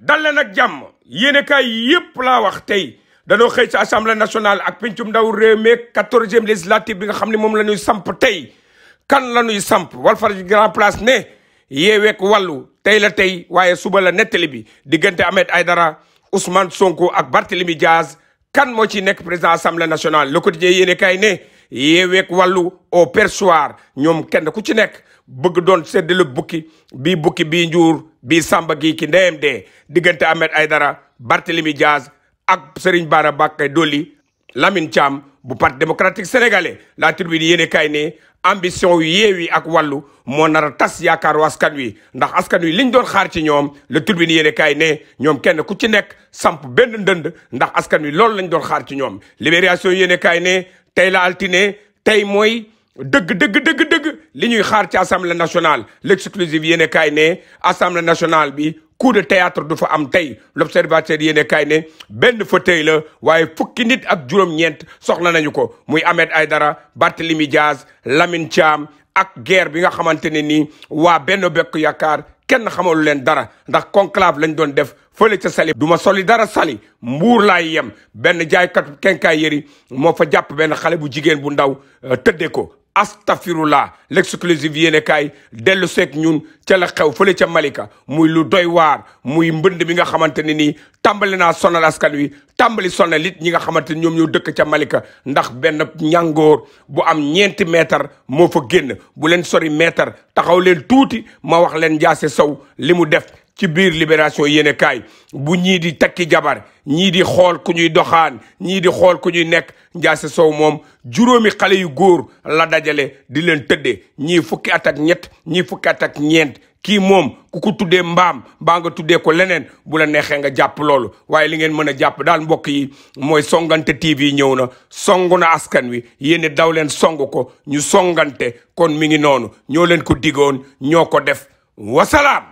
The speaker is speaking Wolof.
dal nag ak jàmm yéene kaay yépp laa wax tey dañoo xëy ci assemblée nationale ak pencum ndaw réew mi quatorzième législative bi nga xam ne moom la ñuy samp tey kan la ñuy samp Walfadjri grand place ne yeeweek wàllu tey la tey waaye suba la nettali bi diggante Ahmed dara Ousmane Sonko ak Barthélemy Diaz kan moo ci nekk président assemblée nationale Le je yéene kay ne yeeweek wàllu au perchoir ñoom kenn ku ci nekk bëgg doon séddale bukki bii bukki bii njuur bi Samba gii ki ndeyam dee diggante Ahmed Aydara limi Diaz ak Serigne Bara Bakay Dolly Lamine Thiam bu parti démocratique sénégalais la tribune yene kaay ne ambition yu yeewi ak wàllu moo nar a tas yaakaaru askan wi ndax askan wi liñ doon xaar ci ñoom le tribune yéene kaay ne kenn ku ci nekk samp benn ndënd ndax askan wi loolu lañ doon xaar ci ñoom libération yéene kaay ne tey la altine tey mooy dëgg dëgg dëgg li ñuy xaar ci assemblée nationale l'exclusive yéen kaay ne assemblée nationale bi coup de théâtre du fa am tey l'observateur yéen kaay ne benn fauteuil la waaye fukki nit ak juróom-ñeent soxla nañu ko muy Ahmed Aydara Barthélémy Diaz Lamine Thiam ak guerre bi nga xamante ne nii waa benn Bokk Yaakaar kenn xamalu leen dara ndax conclave lañ doon def fële ca sali du ma soli dara sali mbuur laay yem benn jaaykat kenkaay yëri moo fa jàpp benn xale bu jigéen bu ndaw euh, tëddee ko astafirullah l'exclusive yéene kaay dellu seeg ñun ca la xew fële ca Malika muy lu doy waar muy mbënd mi nga xamante ni nii tàmbali naa sonal askan wi tàmbali sona it ñi nga xamante ni ñoom ñoo dëkk ca Malika ndax benn ñàngoor bu am ñeenti meetar moo fa génn bu leen sori mètre taxaw leen tuuti ma wax leen jaase sow li mu def ci biir libération yéene kaay bu ñii di takki jabar ñii di xool ku ñuy doxaan ñii di xool ku ñuy nekk Ndiasse Sow moom juróomi xale yu góor la dajale di leen tëdde ñii fukki at ak ñett ñii fukki at ñeent kii moom ku ko tuddee mbaam baa nga tuddee ko leneen bu la neexee nga jàpp loolu waaye li ngeen mën a jàpp daal mbokk yi mooy songante TV ñëw na song na askan wi yéen daw leen song ko ñu songante kon mi ngi noonu ñoo leen ko digoon ñoo ko def wasalaam.